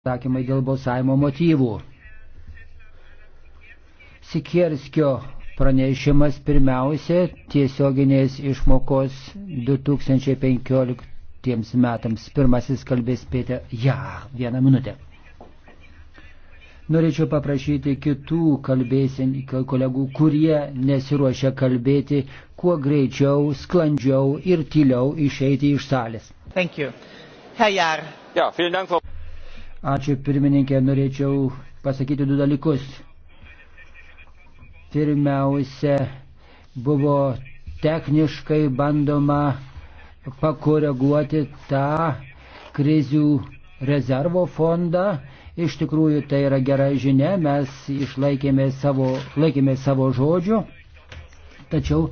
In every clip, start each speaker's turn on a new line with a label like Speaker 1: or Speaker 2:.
Speaker 1: Sakymai dėl balsavimo motyvų. Sikierskio pranešimas pirmiausia tiesioginės išmokos 2015 metams. Pirmasis kalbės Pėtė. Ja, vieną minutę. Norėčiau paprašyti kitų kalbėsin, kolegų, kurie nesiruošia kalbėti, kuo greičiau, sklandžiau ir tyliau išeiti iš salės.
Speaker 2: Thank you. Herr Jar. Ja, vielen Dank, Frau
Speaker 1: Ačiū pirmininkė, norėčiau pasakyti du dalykus. Pirmiausia, buvo techniškai bandoma pakoreguoti tą krizių rezervo fondą. Iš tikrųjų tai yra gera žinia, mes išlaikėme savo, laikėme savo žodžio. Tačiau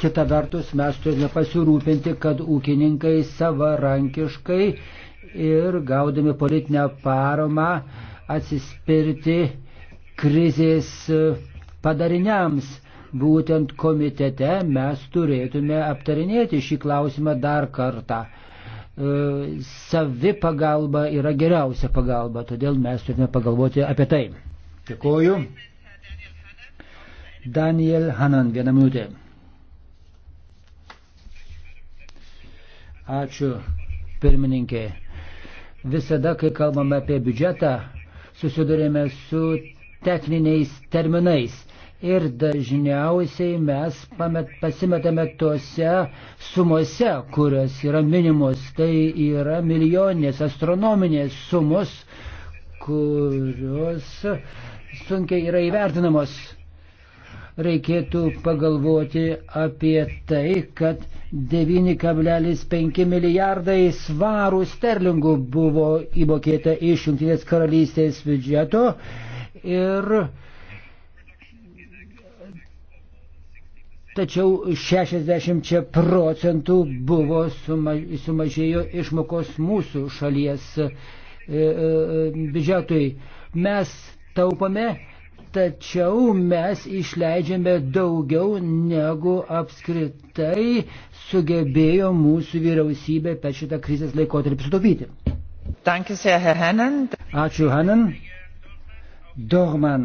Speaker 1: kita vertus mes turime pasirūpinti, kad ūkininkai savarankiškai ir gaudami politinę paramą atsispirti krizės padariniams. Būtent komitete mes turėtume aptarinėti šį klausimą dar kartą. E, savi pagalba yra geriausia pagalba, todėl mes turime pagalvoti apie tai. Dėkuoju. Daniel Hanan, vieną minutę. Ačiū, pirmininkė visada, kai kalbame apie biudžetą, susidurėme su techniniais terminais. Ir dažniausiai mes pamet, pasimetame tose sumose, kurios yra minimos. Tai yra milijoninės astronominės sumos, kurios sunkiai yra įvertinamos reikėtų pagalvoti apie tai, kad 9,5 milijardai svarų sterlingų buvo įmokėta iš Junktinės karalystės biudžeto ir tačiau 60 procentų buvo sumažėjo išmokos mūsų šalies e, e, e, biudžetui. Mes taupame tačiau mes išleidžiame daugiau negu apskritai sugebėjo mūsų vyriausybė per šitą krizės laikotarpį sutaupyti. Ačiū, Hanan. Dorman,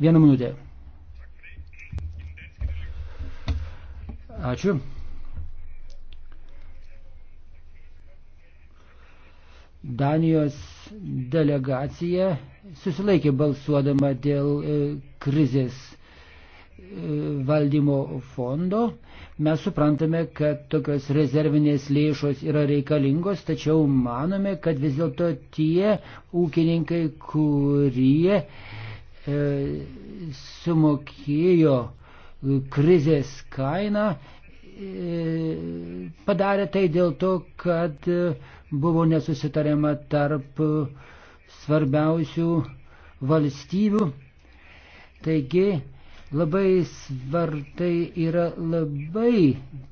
Speaker 1: vieną minutę. Ačiū. Danijos delegacija susilaikė balsuodama dėl e, krizės e, valdymo fondo. Mes suprantame, kad tokios rezervinės lėšos yra reikalingos, tačiau manome, kad vis dėlto tie ūkininkai, kurie e, sumokėjo krizės kainą, e, padarė tai dėl to, kad e, buvo nesusitarima tarp e, svarbiausių valstybių. Taigi labai svartai yra labai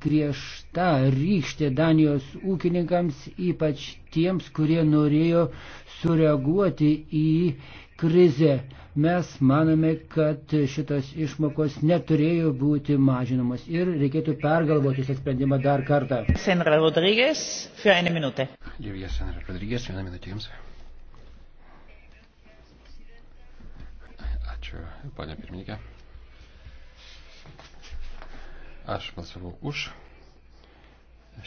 Speaker 1: griežta rykštė Danijos ūkininkams, ypač tiems, kurie norėjo sureaguoti į krizę. Mes manome, kad šitos išmokos neturėjo būti mažinamos ir reikėtų pergalvoti šią sprendimą dar kartą. Senra Rodrygės, Senra
Speaker 2: Rodrygės, vieną minutę jums. Ačiū, ponė pirmininkė. Aš balsavau už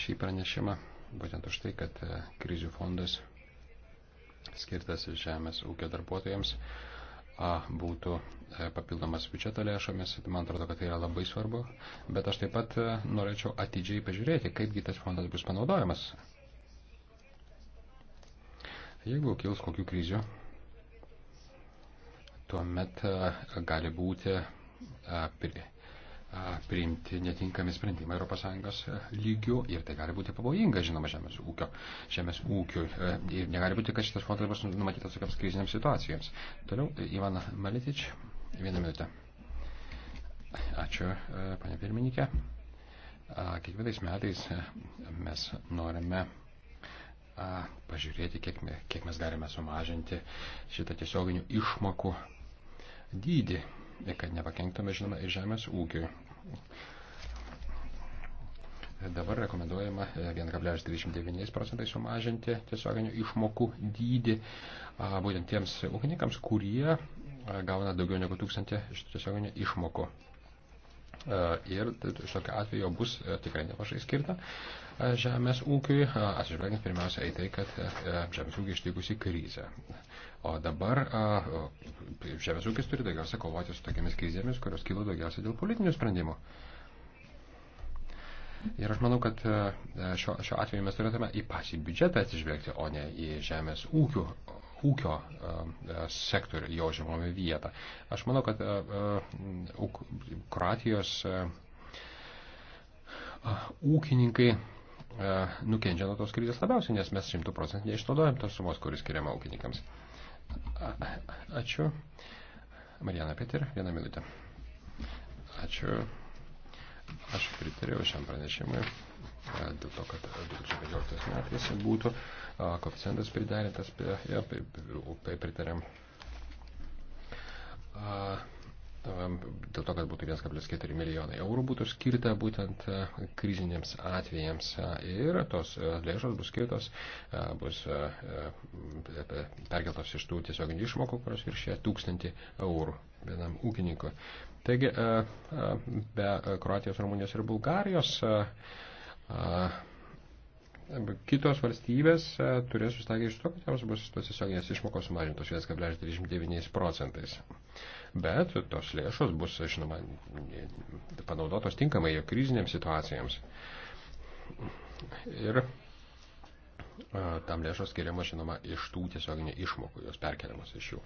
Speaker 2: šį pranešimą, būtent už tai, kad e, krizių fondas skirtas žemės ūkio darbuotojams būtų e, papildomas biudžeto lėšomis. Man atrodo, kad tai yra labai svarbu. Bet aš taip pat e, norėčiau atidžiai pažiūrėti, kaipgi tas fondas bus panaudojamas. Jeigu kils kokių krizių, tuomet gali būti priimti netinkami sprendimai ES lygių ir tai gali būti pavojinga, žinoma, žemės ūkio. Žemės ūkio ir negali būti, kad šitas fondas bus numatytas tokiams kriziniams situacijams. Toliau, Ivana Maletič, vieną minutę. Ačiū, panė pirmininkė. Kiekvienais metais mes norime pažiūrėti, kiek, kiek mes galime sumažinti šitą tiesioginių išmokų dydį, kad nepakenktume, žinoma, ir žemės ūkiui. Dabar rekomenduojama 1,29 procentai sumažinti tiesioginių išmokų dydį būtent tiems ūkininkams, kurie gauna daugiau negu tūkstantį tiesioginių išmokų. Ir tokiu atveju bus e, tikrai nemažai skirta žemės ūkiui, atsižvelgiant pirmiausia į tai, kad e, e, žemės ūkiai ištikusi krizę. O dabar žemės ūkis turi daugiausia kovoti su tokiamis krizėmis, kurios kyla daugiausia dėl politinių sprendimų. Ir aš manau, kad šiuo, šiuo atveju mes turėtume į pačią biudžetą atsižvelgti, o ne į žemės ūkių, ūkio sektorių, jo žemomį vietą. Aš manau, kad Kroatijos ūkininkai nukenčia nuo tos krizės labiausiai, nes mes šimtų procentų neišnaudojam tos sumos, kuris skiriama ūkininkams. Ačiū. Marijana Petir, vieną minutę. Ačiū. Aš pritariau šiam pranešimui dėl to, kad 2015 metais būtų koeficientas priderintas, prie, ja, pritariam. Uh, Ehm, dėl to, kad būtų 1,4 milijonai eurų būtų skirta būtent e, krizinėms atvejams e, ir tos e, lėšos bus skirtos, bus perkeltos iš tų tiesioginių išmokų, kurios viršė 1000 eurų vienam ūkininkui. Taigi, be Kroatijos, Rumunijos ir Bulgarijos kitos valstybės turės susitaikyti iš to, kad joms bus tos tiesioginės išmokos sumažintos 1,39 procentais bet tos lėšos bus, žinoma, panaudotos tinkamai krizinėms situacijams. Ir tam lėšos skiriamos, žinoma, iš tų tiesioginių išmokų, jos perkeliamos iš jų.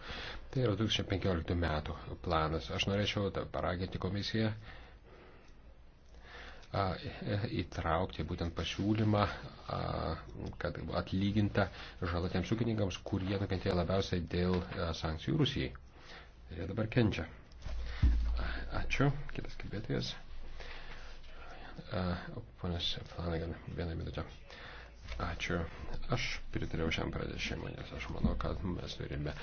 Speaker 2: Tai yra 2015 metų planas. Aš norėčiau paraginti komisiją įtraukti būtent pasiūlymą, kad atlyginta žalatiems ūkininkams, kurie nukentėjo labiausiai dėl sankcijų Rusijai. Jie dabar kenčia. Ačiū. Kitas kalbėtojas. Ponas Flanagan, vieną minutę. Ačiū. Aš pritariau šiam pradėšimui, nes aš manau, kad mes turime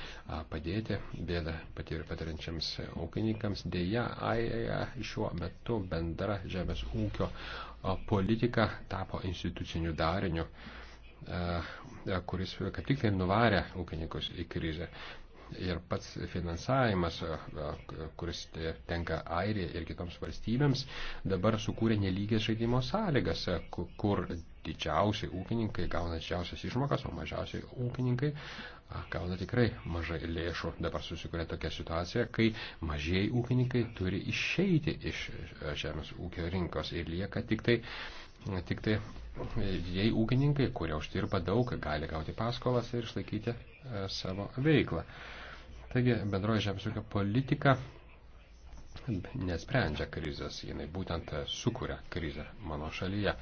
Speaker 2: padėti bėdą patiriančiams ūkininkams. Deja, Airija šiuo metu bendra žemės ūkio politika tapo instituciniu dariniu kuris kaip tik tai nuvarė ūkininkus į krizę ir pats finansavimas, kuris tenka Airijai ir kitoms valstybėms, dabar sukūrė nelygės žaidimo sąlygas, kur didžiausiai ūkininkai gauna didžiausias išmokas, o mažiausiai ūkininkai gauna tikrai mažai lėšų. Dabar susikūrė tokia situacija, kai mažieji ūkininkai turi išeiti iš žemės ūkio rinkos ir lieka tik tai, tik tai e, jei ūkininkai, kurie uždirba daug, gali gauti paskolas ir išlaikyti e, savo veiklą. Taigi bendroji žemės ūkio politika nesprendžia krizės, jinai būtent sukuria krizę mano šalyje.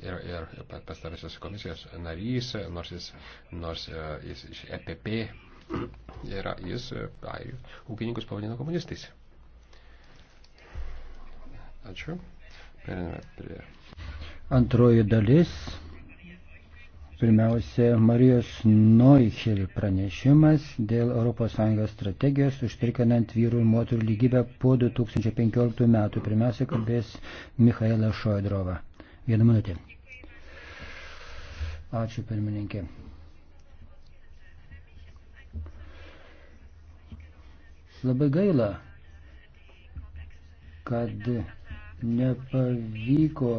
Speaker 2: Ir, ir pastarasis komisijos narys, nors jis, nors e, jis iš EPP yra, jis, e, ai, ūkininkus pavadino komunistais. Ačiū. Periname prie.
Speaker 1: Antroji dalis. Pirmiausia, Marijos Noichel pranešimas dėl ES strategijos užtikrinant vyrų ir moterų lygybę po 2015 metų. Pirmiausia, kalbės Michaela Šoidrova. Vieną minutę. Ačiū, pirmininkė. Labai gaila, kad nepavyko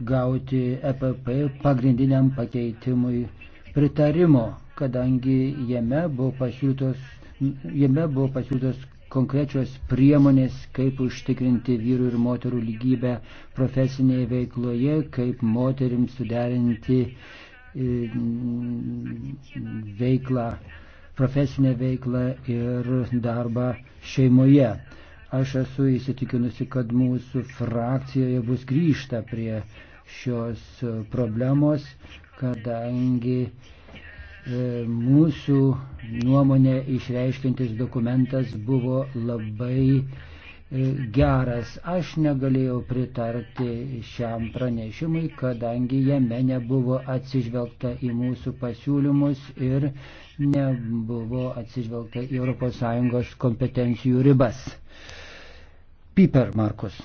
Speaker 1: gauti EPP pagrindiniam pakeitimui pritarimo, kadangi jame buvo pasiūlytos, jame buvo pasiūlytos konkrečios priemonės, kaip užtikrinti vyrų ir moterų lygybę profesinėje veikloje, kaip moterims suderinti e, veiklą, profesinę veiklą ir darbą šeimoje. Aš esu įsitikinusi, kad mūsų frakcijoje bus grįžta prie šios problemos, kadangi e, mūsų nuomonė išreiškintis dokumentas buvo labai e, geras. Aš negalėjau pritarti šiam pranešimui, kadangi jame nebuvo atsižvelgta į mūsų pasiūlymus ir nebuvo atsižvelgta į ES kompetencijų ribas. Piper Markus.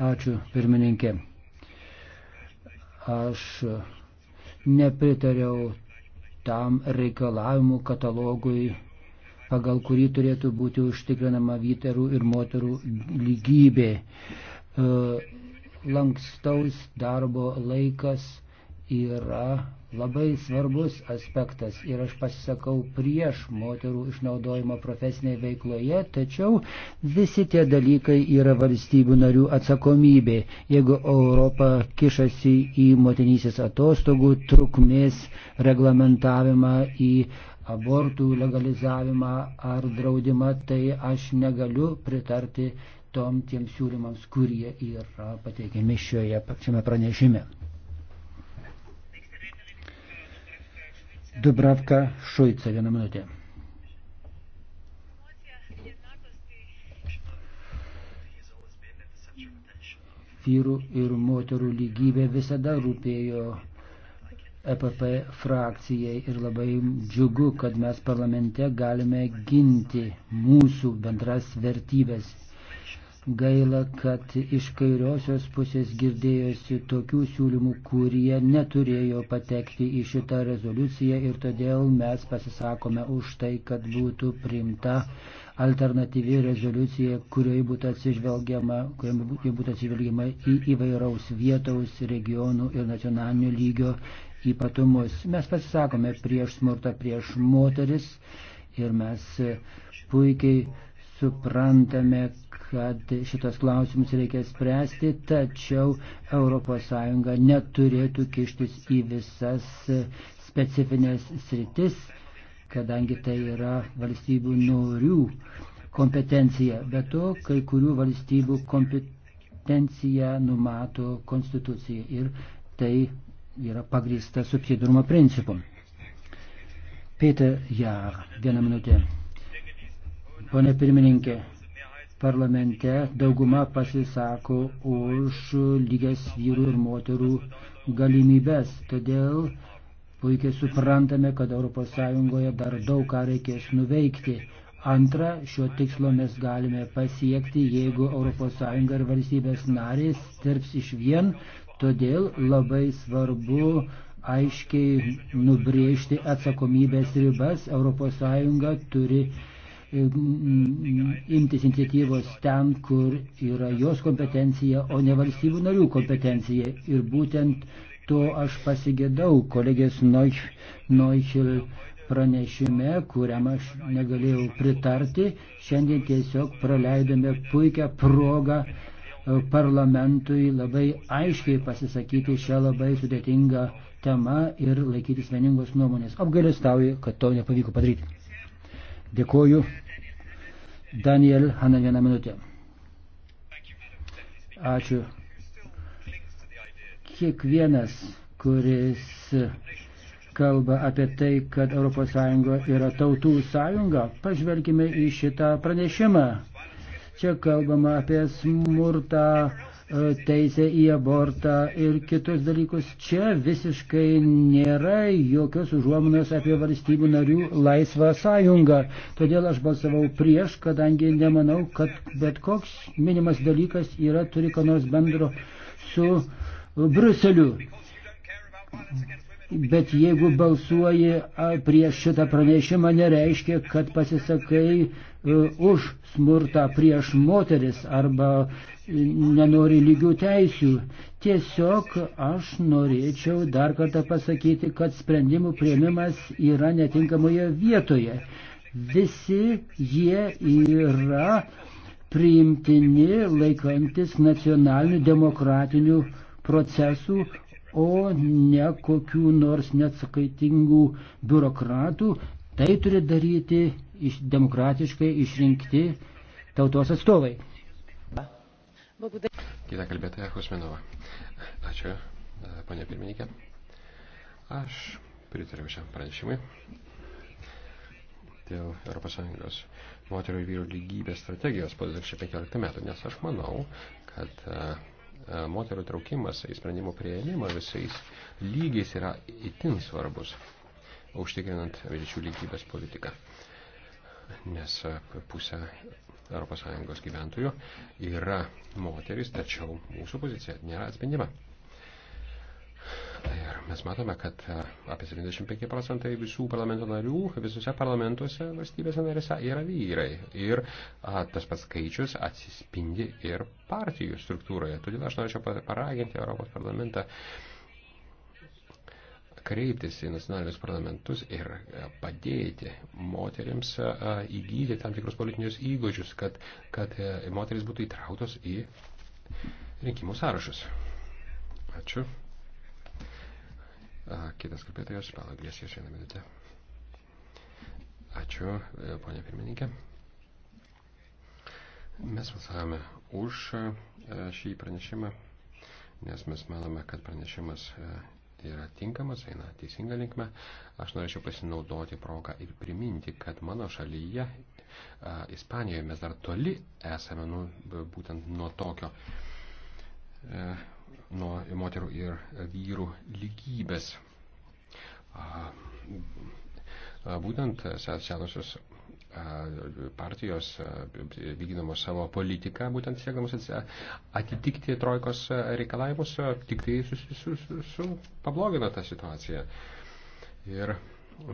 Speaker 1: Ačiū, pirmininkė. Aš nepritariau tam reikalavimų katalogui, pagal kurį turėtų būti užtikrinama vyterų ir moterų lygybė. E, lankstaus darbo laikas yra labai svarbus aspektas ir aš pasisakau prieš moterų išnaudojimą profesinėje veikloje, tačiau visi tie dalykai yra valstybių narių atsakomybė. Jeigu Europa kišasi į motinysės atostogų trukmės reglamentavimą, į abortų legalizavimą ar draudimą, tai aš negaliu pritarti tom tiems siūlymams, kurie yra pateikiami šioje pačiame pranešime. Dubravka Šuica, vieną minutę. Vyrų ir moterų lygybė visada rūpėjo EPP frakcijai ir labai džiugu, kad mes parlamente galime ginti mūsų bendras vertybės Gaila, kad iš kairiosios pusės girdėjosi tokių siūlymų, kurie neturėjo patekti į šitą rezoliuciją ir todėl mes pasisakome už tai, kad būtų priimta alternatyvi rezoliucija, kurioje būtų atsižvelgiama, kurioje būtų atsižvelgiama į įvairaus vietaus, regionų ir nacionalinio lygio ypatumus. Mes pasisakome prieš smurtą prieš moteris ir mes puikiai suprantame, kad šitos klausimus reikia spręsti, tačiau ES neturėtų kištis į visas specifines sritis, kadangi tai yra valstybių norių kompetencija. Be to, kai kurių valstybių kompetencija numato konstitucija ir tai yra pagrįsta subsidirumo principu. Peter Jar, vieną minutę. Pone pirmininkė, parlamente dauguma pasisako už lygias vyrų ir moterų galimybės. Todėl puikiai suprantame, kad ES dar daug ką reikės nuveikti. Antra, šio tikslo mes galime pasiekti, jeigu ES ir valstybės narės dirbs iš vien. Todėl labai svarbu aiškiai nubrėžti atsakomybės ribas. ES turi Mm, imtis iniciatyvos ten, kur yra jos kompetencija, o ne valstybių narių kompetencija. Ir būtent to aš pasigėdau kolegės Noichil pranešime, kuriam aš negalėjau pritarti. Šiandien tiesiog praleidome puikią progą e, parlamentui labai aiškiai pasisakyti šią labai sudėtingą temą ir laikytis vieningos nuomonės. Apgailestauju, kad to nepavyko padaryti. Dėkuoju. Daniel Hanna vieną minutę. Ačiū. Kiekvienas, kuris kalba apie tai, kad ES yra tautų sąjunga, pažvelgime į šitą pranešimą. Čia kalbama apie smurtą, E, teisę į abortą ir kitus dalykus. Čia visiškai nėra jokios užuominos apie valstybių narių laisvą sąjungą. Todėl aš balsavau prieš, kadangi nemanau, kad bet koks minimas dalykas yra turi ką nors bendro su Bruseliu. Bet jeigu balsuoji prieš šitą pranešimą, nereiškia, kad pasisakai E, už smurtą prieš moteris arba nenori lygių teisių. Tiesiog aš norėčiau dar kartą pasakyti, kad sprendimų prieimimas yra netinkamoje vietoje. Visi jie yra priimtini laikantis nacionalinių demokratinių procesų, o ne kokių nors neatsakaitingų biurokratų Tai turi daryti iš demokratiškai išrinkti tautos atstovai.
Speaker 2: Kita kalbėtoja Husminova. Ačiū, ponė pirmininkė. Aš pritariau šiam pranešimui dėl ES moterų ir vyrų lygybės strategijos po 2015 metų, nes aš manau, kad e, e, moterų traukimas į sprendimų prieimimą visais lygiais yra itin svarbus užtikrinant lyčių lygybės politiką. Nes pusė ES gyventojų yra moteris, tačiau mūsų pozicija nėra atspindima. Ir mes matome, kad apie 75 procentai visų parlamento narių visose parlamentuose valstybėse narėse yra vyrai. Ir a, tas pats skaičius atsispindi ir partijų struktūroje. Todėl aš norėčiau paraginti Europos parlamentą a, kreiptis į nacionalinius parlamentus ir e, padėti moteriams e, e, įgyti tam tikrus politinius įgūdžius, kad, kad moteris būtų įtrauktos į rinkimų sąrašus. Ačiū. Kitas kalbėtojas, Palaglės, jūs vieną minutę. Ačiū, ponia pirmininkė. Mes balsavome už šį pranešimą, nes mes manome, kad pranešimas tai yra tinkamas, eina teisinga linkme. Aš norėčiau pasinaudoti progą ir priminti, kad mano šalyje, a, Ispanijoje, mes dar toli esame nu, būtent nuo tokio, a, e, nuo moterų ir vyrų lygybės. A, a, būtent senosios partijos vykdamos savo politiką, būtent siekdamos atitikti trojkos reikalavimus, tik tai su, su, su, su pablogina tą situaciją. Ir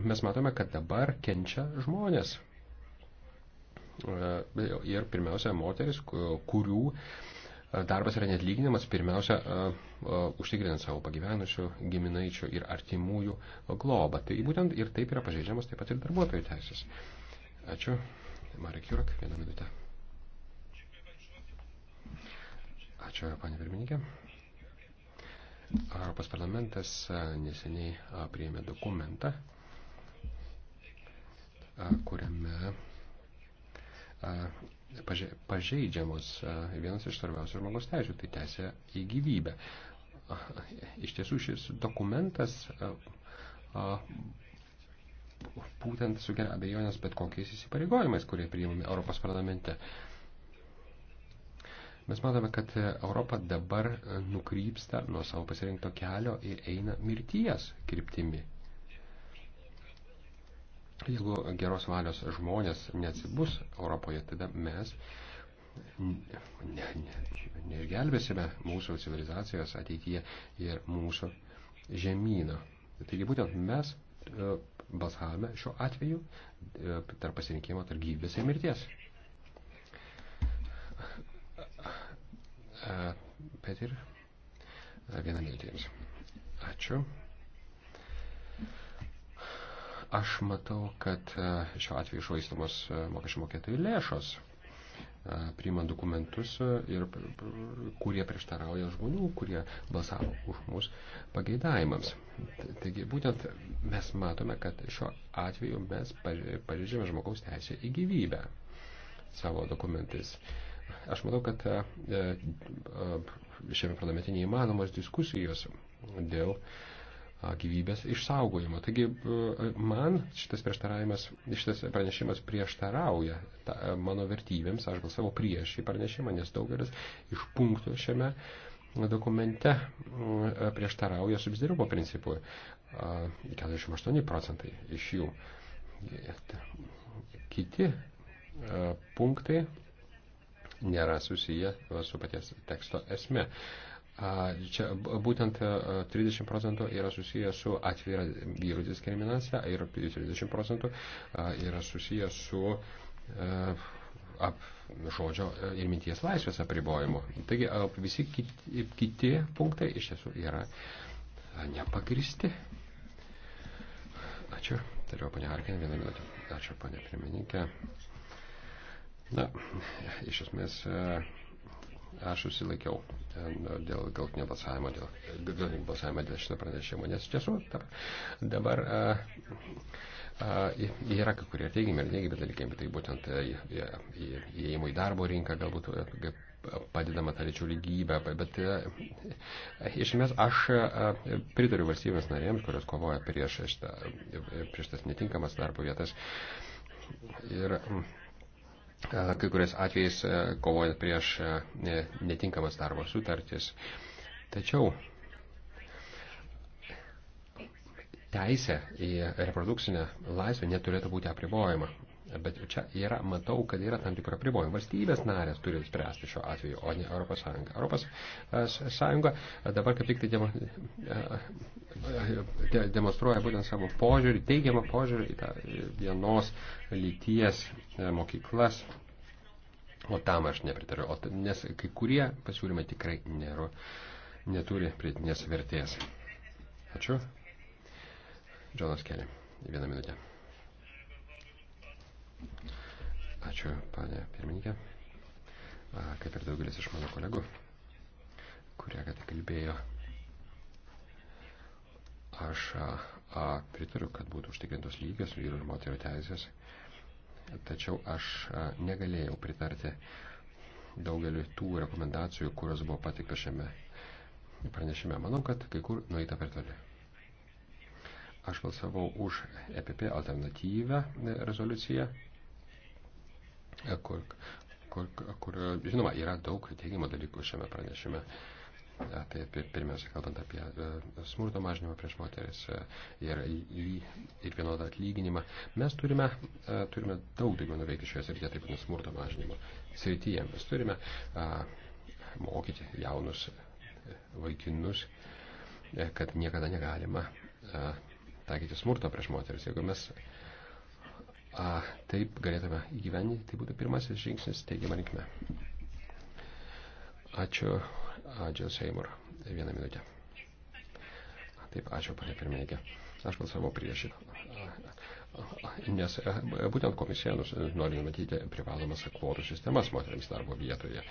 Speaker 2: mes matome, kad dabar kenčia žmonės. Ir pirmiausia, moteris, kurių darbas yra netlyginimas, pirmiausia, užtikrinant savo pagyvenusių giminaičių ir artimųjų globą. Tai būtent ir taip yra pažeidžiamas taip pat ir darbuotojų teisės. Ačiū. Marek Jurak, vieną minutę. Ačiū, panė pirmininkė. Europos parlamentas neseniai priėmė dokumentą, kuriame pažeidžiamos vienas iš svarbiausių žmogaus teisų, tai teisė į gyvybę. Iš tiesų šis dokumentas būtent sukelia abejonės bet kokiais įsipareigojimais, kurie priimami Europos parlamente. Mes matome, kad e, Europa dabar e, nukrypsta nuo savo pasirinkto kelio ir eina mirties kryptimi. Jeigu geros valios žmonės neatsibus Europoje, tada mes neišgelbėsime ne, ne, ne mūsų civilizacijos ateityje ir mūsų žemyną. Taigi būtent mes e, balsavome šiuo atveju e, tarp pasirinkimo tarp gyvybės ir mirties. Bet e, ir vieną minutę jums. Ačiū. Aš matau, kad e, šiuo atveju išvaistamos mokesčių mokėtojų lėšos priima dokumentus ir kurie prieštarauja žmonių, kurie balsavo už mus pageidavimams. Taigi būtent mes matome, kad šiuo atveju mes pažeidžiame žmogaus teisę į gyvybę savo dokumentais. Aš manau, kad šiame parlamente neįmanomos diskusijos dėl uh, gyvybės išsaugojimo. Taigi man šitas prieštaravimas, šitas pranešimas prieštarauja ta, mano vertybėms, aš gal savo prieš šį pranešimą, nes daugelis iš punktų šiame dokumente prieštarauja subsidirumo principui. 48 procentai iš jų. Kiti punktai nėra susiję su paties teksto esme. Čia būtent 30 e, procentų yra susiję su atvira vyrų diskriminacija ir 30 procentų yra susiję su e, ap, žodžio e, ir minties laisvės apribojimu. Taigi visi kiti, kiti punktai iš tiesų yra nepagristi. Ačiū. Toliau, ponia Harkinė, vieną minutę. Ačiū, ponia pirmininkė. Na, iš esmės. Uh, Aš susilaikiau dėl galtinio balsavimo, dėl galtinio balsavimo dėl šito pranešimo, nes iš tiesų dabar a, a, yra kai kurie teigiami ir neigiami dalykai, bet tai būtent įėjimo į darbo rinką galbūt padedama tą lyčių lygybę, bet iš esmės aš pritariu valstybės narėms, kurios kovoja prieš, šitą, prieš tas netinkamas darbo vietas. Ir, E, kai kuriais atvejais e, kovojant prieš e, netinkamas darbo sutartis. Tačiau teisė į reprodukcinę laisvę neturėtų būti apribojama. Bet čia yra, matau, kad yra tam tikro pribojimo. Valstybės narės turi spręsti šiuo atveju, o ne Europos Sąjunga. Europos e, Sąjunga e, dabar kaip tik tai demo, de, e, demonstruoja būtent savo požiūrį, teigiamą požiūrį į tą vienos lyties mokyklas. O tam aš nepritariu, o, nes kai kurie pasiūlymai tikrai nėra, neturi pridėtinės vertės. Ačiū. Džonas Kelly, vieną minutę. Ačiū, panė pirmininkė. Kaip ir daugelis iš mano kolegų, kurie ką tik kalbėjo, aš a, pritariu, kad būtų užtikrintos lygios vyrų ir moterų teisės, tačiau aš a, negalėjau pritarti daugeliu tų rekomendacijų, kurios buvo patikta šiame pranešime. Manau, kad kai kur nueita per toli. Aš balsavau už EPP alternatyvę rezoliuciją E, kur, kur, kur žinoma, yra daug teigiamų dalykų šiame pranešime. E, tai pirmiausia, kalbant apie e, smurto mažinimą prieš moteris ir, ir vienodą atlyginimą, mes turime, turime daug daugiau nuveikti šioje srityje, taip pat smurto mažinimo srityje. Mes turime a, mokyti jaunus vaikinus, kad niekada negalima a, taikyti smurto prieš moteris. Jeigu mes a, a, taip galėtume įgyveninti, tai būtų pirmasis žingsnis teigiamą linkme. Ačiū, Adžel Seimur. Vieną minutę. Taip, ačiū, panė pirmininkė. Aš balsavau prieš. Nes e, būtent komisija nori numatyti privalomas kvotų sistemas moteriams darbo vietoje.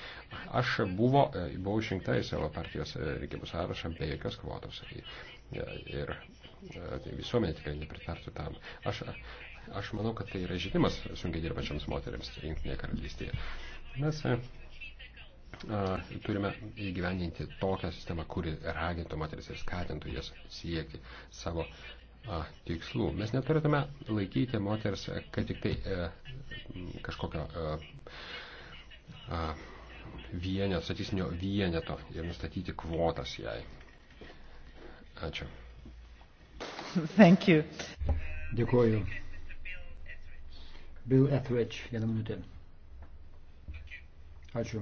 Speaker 2: Aš buvo, e, buvau išrinkta į savo partijos e, rinkimų sąrašą be jokios kvotos. Ir tai visuomenė tikrai nepritartų tam. Aš Aš manau, kad tai yra žinimas sunkiai dirbančiams moteriams Junktinėje karalystėje. Mes e, a, turime įgyvendinti tokią sistemą, kuri ragintų moteris ir skatintų jas siekti savo a, tikslų. Mes neturėtume laikyti moters, e, kad tik tai a, e, kažkokio a, a, vienio, statistinio vieneto ir nustatyti kvotas jai. Ačiū.
Speaker 1: Thank you. Dėkuoju. Bill Etheridge, vieną minutę. Ačiū.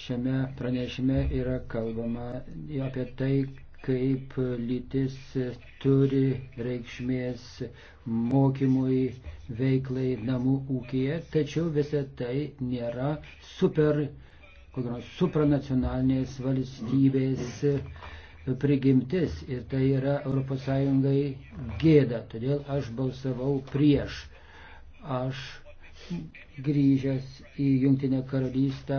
Speaker 1: Šiame pranešime yra kalbama apie tai, kaip lytis turi reikšmės mokymui, veiklai namų ūkija, tačiau visa tai nėra super, kokios supranacionalinės valstybės. Mm prigimtis ir tai yra ES gėda. Todėl aš balsavau prieš. Aš grįžęs į Jungtinę karalystę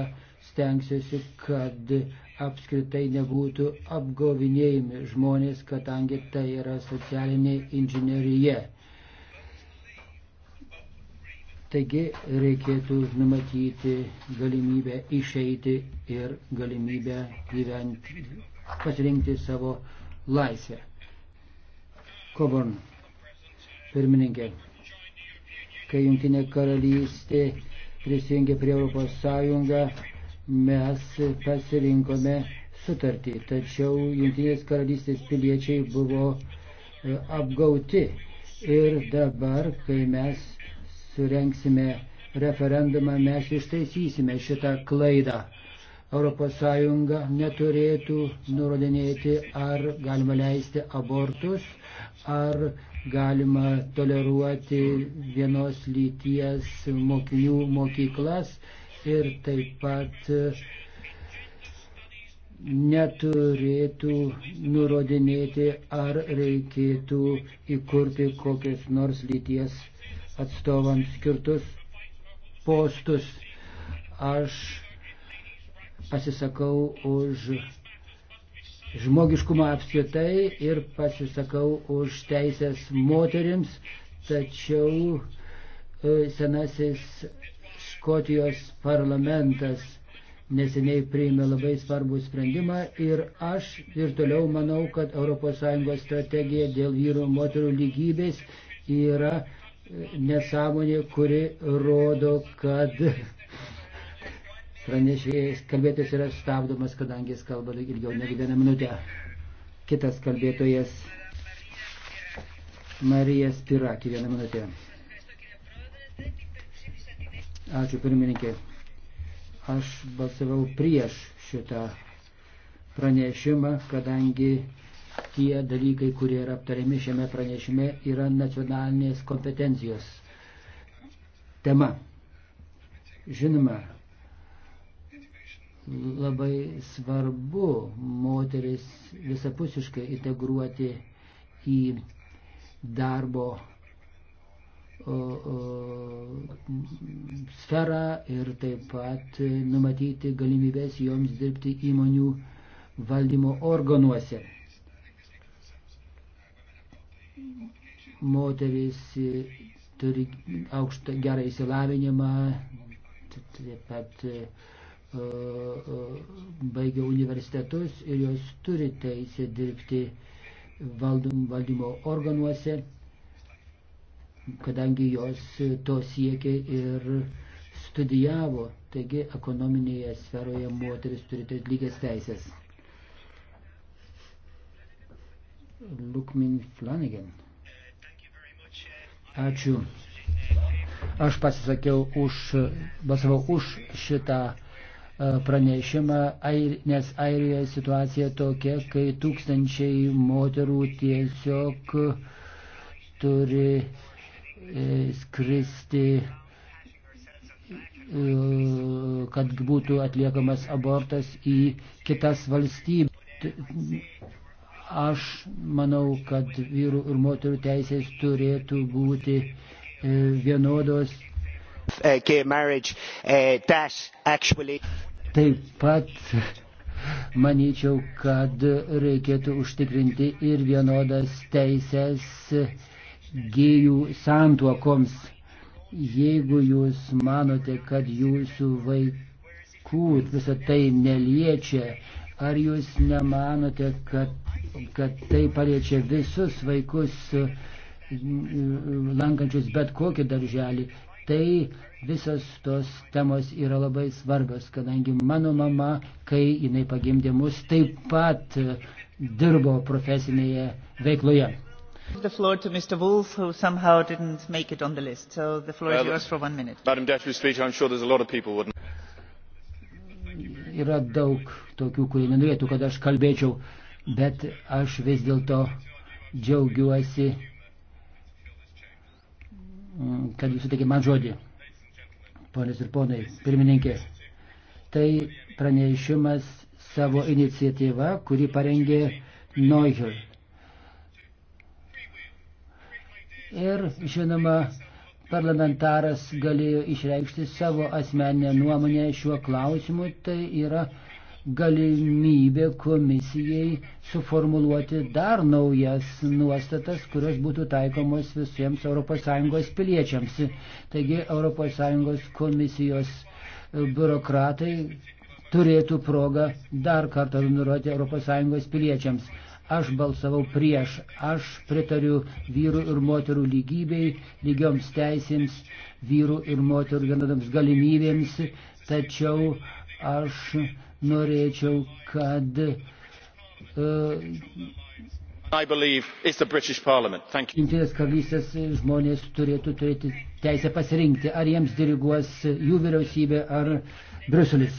Speaker 1: stengsiuosi, kad apskritai nebūtų apgovinėjami žmonės, kadangi tai yra socialinė inžinierija. Taigi reikėtų numatyti galimybę išeiti ir galimybę gyventi pasirinkti savo laisvę. Koborn, pirmininkė, kai Junktinė karalystė prisijungė prie Europos Sąjungą, mes pasirinkome sutartį, tačiau Junktinės karalystės piliečiai buvo e, apgauti. Ir dabar, kai mes surenksime referendumą, mes ištaisysime šitą klaidą. ES neturėtų nurodinėti, ar galima leisti abortus, ar galima toleruoti vienos lyties mokinių mokyklas ir taip pat e, neturėtų nurodinėti, ar reikėtų įkurti kokius nors lyties atstovams skirtus postus. Aš pasisakau už žmogiškumą apskritai ir pasisakau už teisės moterims, tačiau e, senasis Škotijos parlamentas neseniai priėmė labai svarbų sprendimą ir aš ir toliau manau, kad ES strategija dėl vyrų ir moterų lygybės yra e, nesąmonė, kuri rodo, kad pranešėjas kalbėtojas yra stabdomas, kadangi jis kalba ilgiau negu vieną minutę. Kitas kalbėtojas Marija Spiraki, vieną minutę. Ačiū pirmininkė. Aš balsavau prieš šitą pranešimą, kadangi tie dalykai, kurie yra aptariami šiame pranešime, yra nacionalinės kompetencijos tema. Žinoma, labai svarbu moteris visapusiškai integruoti į darbo o, o, sferą ir taip pat numatyti galimybės joms dirbti įmonių valdymo organuose. Moteris turi aukštą gerą įsilavinimą, taip pat uh, E, e, baigia universitetus ir jos turi teisę dirbti valdym, valdymo organuose, kadangi jos to siekia ir studijavo. Taigi ekonominėje sferoje moteris turi lygias teisės. Lukmin Flanagan. Ačiū. Aš pasisakiau už, balsavau už šitą E, pranešimą, nes Airijoje situacija tokia, kai tūkstančiai moterų tiesiog turi e, skristi, e, kad būtų atliekamas abortas į kitas valstybės. Aš manau, kad vyrų ir moterų teisės turėtų būti vienodos
Speaker 2: gay eh, marriage, that eh, actually.
Speaker 1: Taip pat manyčiau, kad reikėtų užtikrinti ir vienodas teisės gėjų santuokoms. Jeigu jūs manote, kad jūsų vaikų visą tai neliečia, ar jūs nemanote, kad, kad tai paliečia visus vaikus lankančius bet kokį darželį tai visos tos temos yra labai svarbios, kadangi mano mama, kai jinai pagimdė mus, taip pat dirbo profesinėje veikloje.
Speaker 2: The floor to Mr. Wolf, who somehow didn't make it on the list. So the floor well, is yours for one minute.
Speaker 1: Madam Deputy Speaker, I'm sure there's a lot of people wouldn't. Yra daug tokių, kurie nenorėtų, kad aš kalbėčiau, bet aš vis dėlto džiaugiuosi kad jūs suteikė man žodį. Ponės ir ponai, pirmininkė, tai pranešimas savo iniciatyva, kuri parengė Neuhil. Ir, žinoma, parlamentaras galėjo išreikšti savo asmeninę nuomonę šiuo klausimu, tai yra uh, galimybė komisijai suformuluoti dar naujas nuostatas, kurios būtų taikomos visiems ES piliečiams. Taigi ES komisijos e, biurokratai turėtų progą dar kartą nurodyti ES piliečiams. Aš balsavau prieš, aš pritariu vyrų ir moterų lygybei, lygioms teisėms, vyrų ir moterų vienodams galimybėms, tačiau aš norėčiau, kad e, Jungtinės karalystės žmonės turėtų turėti teisę pasirinkti, ar jiems diriguos jų vyriausybė ar Bruselis.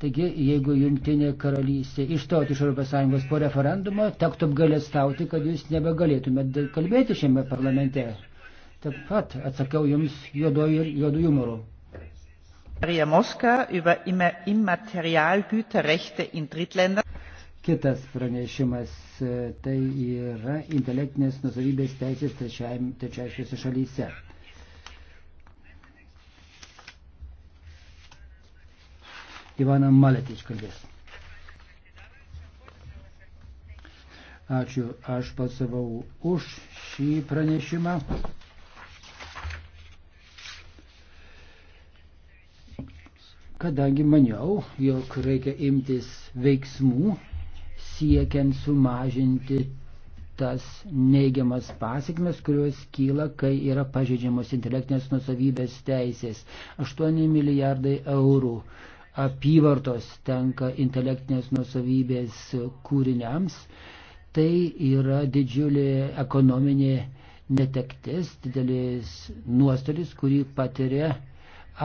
Speaker 1: Taigi, jeigu Jungtinė karalystė išstoti iš ES po referendumo, tektų apgalėstauti, kad jūs nebegalėtumėte kalbėti šiame parlamente. Taip pat atsakiau jums juodu jumoru. Maria Moska über Immaterialgüterrechte in Drittländern. Kitas pranešimas e, tai yra intelektinės nusavybės teisės trečiaisiuose šalyse. Ivana Maletič kalbės. Ačiū, aš pasavau už šį pranešimą. kadangi maniau, jog reikia imtis veiksmų siekiant sumažinti tas neigiamas pasiekmes, kurios kyla, kai yra pažeidžiamos intelektinės nusavybės teisės. 8 milijardai eurų apyvartos tenka intelektinės nusavybės kūriniams. Tai yra didžiulė ekonominė netektis, didelis nuostolis, kurį patiria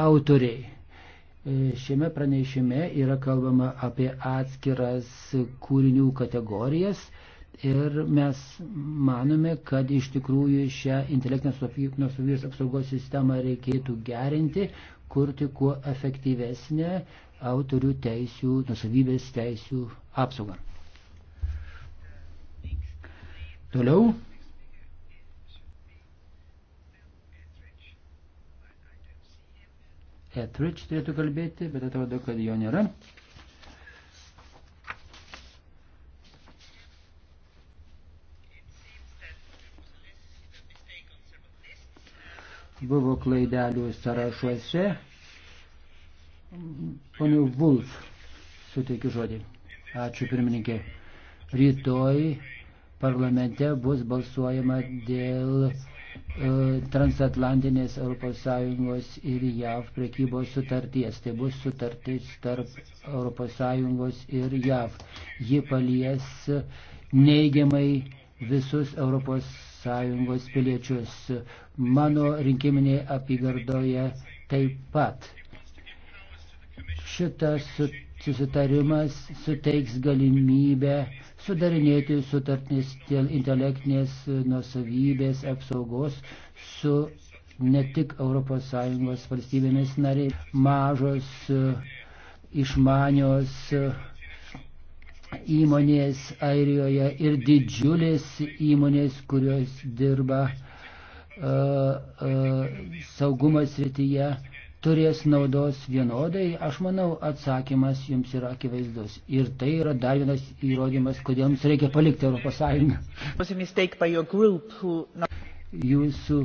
Speaker 1: autoriai. E, šiame pranešime yra kalbama apie atskiras kūrinių kategorijas ir mes manome, kad iš tikrųjų šią intelektinės nusavybės apsaugos sistemą reikėtų gerinti, kurti kuo efektyvesnę autorių teisių, nusavybės teisių apsaugą. Toliau Etrich turėtų kalbėti, bet atrodo, kad jo nėra. Buvo klaidelių sąrašuose. Poniu Vulf suteikiu žodį. Ačiū pirmininkė. Rytoj parlamente bus balsuojama dėl E, transatlantinės ES ir JAV prekybos sutarties. Tai bus sutartis tarp ES ir JAV. Ji palies neigiamai visus ES piliečius. Mano rinkiminėje apygardoje taip pat. Šitas susitarimas suteiks galimybę sudarinėti sutartys dėl intelektinės nusavybės apsaugos su ne tik ES valstybėmis nariai, mažos, išmanios įmonės Airijoje ir didžiulės įmonės, kurios dirba uh, uh, saugumo srityje turės naudos vienodai, aš manau, atsakymas jums yra akivaizdus. Ir tai yra dar vienas įrodymas, kodėl jums reikia palikti Europos Sąjungą. Jūsų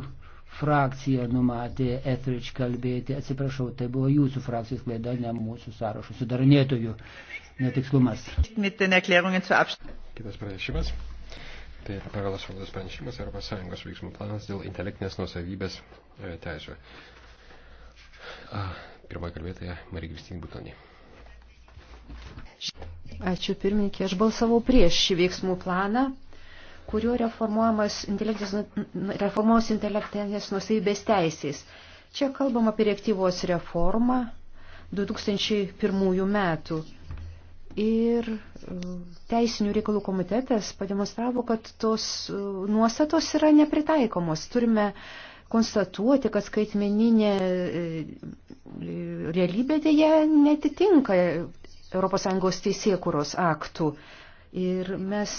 Speaker 1: frakcija numatė Etheridge kalbėti, atsiprašau, tai buvo jūsų frakcijos klaida, ne mūsų sąrašo sudarinėtojų netikslumas. Kitas
Speaker 2: pranešimas. Tai yra pagal asvaldas pranešimas Europos Sąjungos veiksmų planas dėl intelektinės nusavybės e, teisų. Pirmoji kalbėtoja Marija Kristina Butonė. Ačiū pirmininkė, aš balsavau prieš šį veiksmų planą, kuriuo reformuojamas reformuos intelektinės nusavybės nu, teisės. Čia kalbam apie reaktyvos reformą 2001 metų. Ir e, Teisinių reikalų komitetas pademonstravo, kad tos e, nuostatos yra nepritaikomos. Turime uh, konstatuoti, kad skaitmeninė e, realybė dėja netitinka ES teisėkuros aktų. Ir mes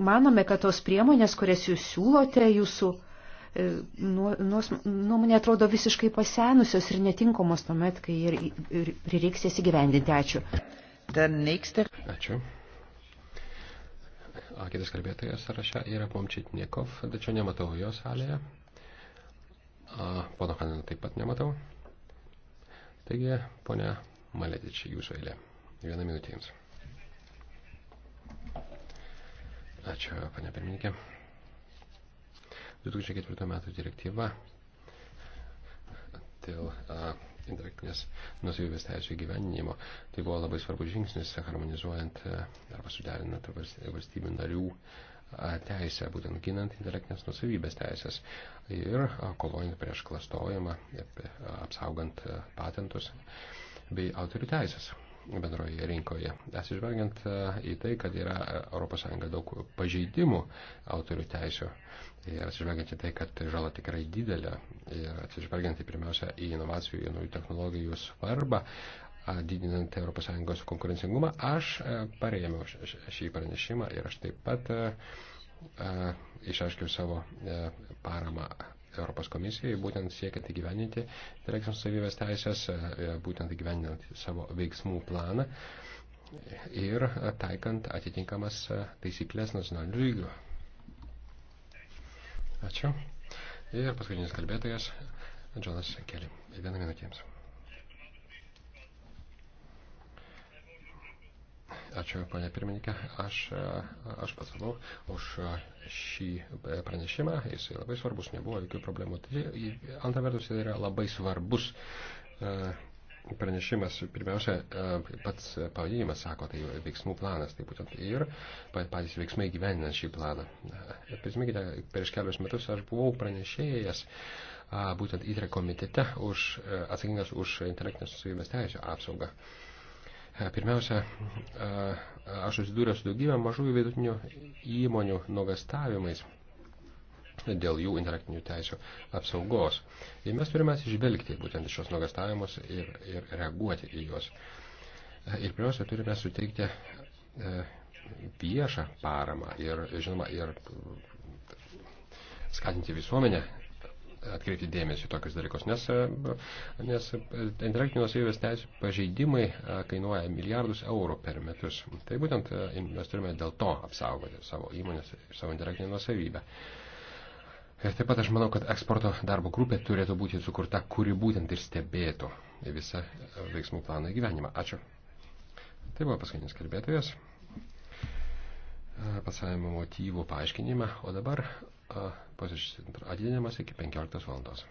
Speaker 2: manome, kad tos priemonės, kurias jūs siūlote, jūsų e, nuomonė atrodo visiškai pasenusios ir netinkomos tuomet, kai ir,
Speaker 1: ir prireiks jas įgyvendinti. Ačiū. Ačiū.
Speaker 2: A kitas kalbėtojas sąraše yra Pomčitnikov, tačiau nematau jo salėje. A, pono Hanino taip pat nematau. Taigi, ponia Maletič, jūsų eilė. Vieną minutę jums. Ačiū, ponia pirmininkė. 2004 metų direktyva dėl a, intelektinės nusavybės teisų gyvenimo. Tai buvo labai svarbus žingsnis, harmonizuojant e, arba suderinant valstybių narių e, teisę, būtent ginant intelektinės nusavybės teisės ir e, kovojant prieš klastojimą, apsaugant patentus bei autorių teisės bendroje rinkoje. Atsižvelgiant e, į tai, kad yra ES daug pažeidimų autorių teisų ir atsižvelgiant į tai, kad žala tikrai didelė ir atsižvelgiant į pirmiausia į inovacijų ir naujų technologijų svarbą, didinant ES konkurencingumą, aš e, parėmiau šį pranešimą ir aš taip pat e, išaiškiau savo paramą Europos komisijai, būtent siekiant įgyveninti direkcijos savybės teisės, e, būtent įgyveninant savo veiksmų planą ir taikant atitinkamas taisyklės nacionalinių lygių. Ačiū. Ir paskutinis kalbėtojas, Džonas Kelly. Vieną minutę jums. Ačiū, ponė pirmininkė. Aš, aš pasakau už šį pranešimą. Jis labai svarbus, nebuvo jokių problemų. Tai, antra vertus, tai yra labai svarbus e, pranešimas. Pirmiausia, e, pats pavadinimas sako, tai veiksmų planas. Tai būtent ir patys veiksmai gyveninant šį planą. E, prisiminkite, prieš kelius metus aš buvau pranešėjęs būtent įtre komitete už, atsakingas už intelektinės susivybės teisų apsaugą. E, pirmiausia, e, aš susidūrė su daugybė mažųjų vidutinių įmonių nuogastavimais dėl jų intelektinių teisų apsaugos. Ir mes turime atsižvelgti būtent šios nuogastavimus ir, ir reaguoti į juos. E, ir pirmiausia, turime suteikti viešą paramą ir, žinoma, ir skatinti visuomenę atkreipti dėmesį tokius dalykus, nes, nes intelektinio nusavybės teisų pažeidimai kainuoja milijardus eurų per metus. Tai būtent mes turime dėl to apsaugoti savo įmonės ir savo intelektinę nusavybę. Ir taip pat aš manau, kad eksporto darbo grupė turėtų būti sukurta, kuri būtent ir stebėtų visą veiksmų planą gyvenimą. Ačiū. Tai buvo paskutinis kalbėtojas. Pasavimo motyvų paaiškinimą. O dabar. A, posėdžio atidinimas iki 15 valandos.